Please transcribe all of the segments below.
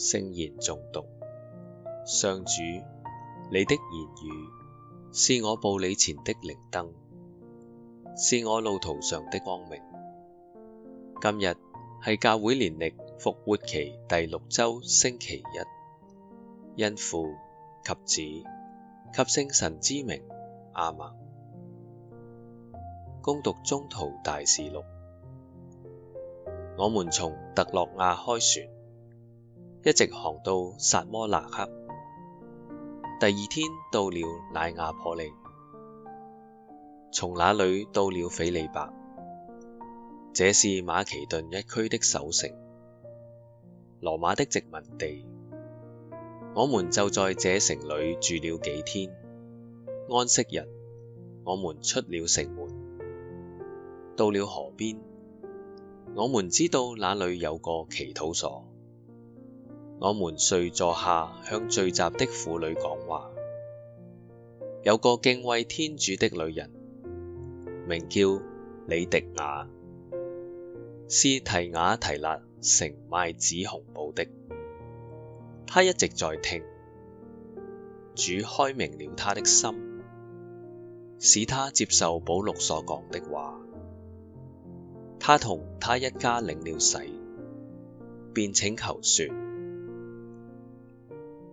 聖言誦讀，上主，你的言語是我步履前的靈燈，是我路途上的光明。今日係教會年曆復活期第六周星期一，因父及子及聖神之名，阿們。恭讀宗徒大事錄，我們從特洛阿開船。一直航到撒摩辣刻，第二天到了乃阿頗里，從那裏到了斐理伯，這是馬其頓一區的首城，羅馬的殖民地。我們就在這城裏住了幾天，安息日，我們出了城門，到了河邊，我們知道那裏有個祈禱所。我們遂坐下，向聚集的婦女講話。有個敬畏天主的女人，名叫里狄雅，是提雅提辣城賣紫紅布的。她一直在聽，主開明了她的心，使她接受保祿所講的話。她同她一家領了洗，便請求說。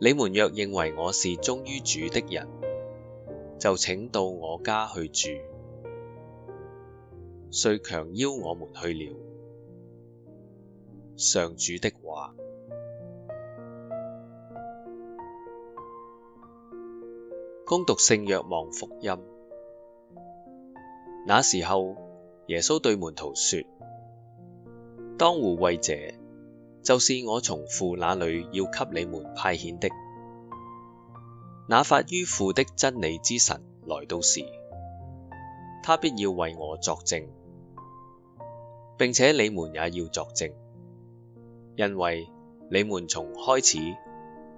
你們若認為我是忠於主的人，就請到我家去住。遂強邀我們去了。上主的話：恭讀聖若望福音。那時候，耶穌對門徒說：當護慰者。就是我從父那裏要給你們派遣的，那發於父的真理之神來到時，他必要為我作證，並且你們也要作證，因為你們從開始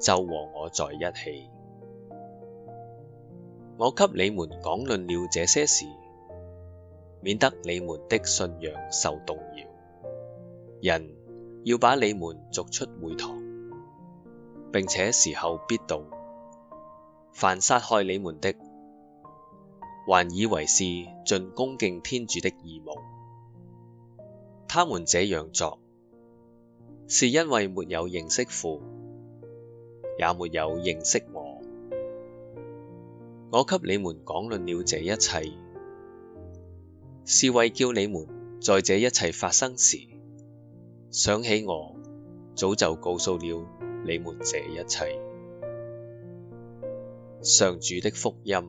就和我在一起。我給你們講論了這些事，免得你們的信仰受動搖。人。要把你們逐出會堂，並且時候必到。凡殺害你們的，還以為是盡恭敬天主的義務。他們這樣作，是因為沒有認識父，也沒有認識我。我給你們講論了這一切，是為叫你們在這一切發生時。想起我早就告訴了你們這一切，上主的福音。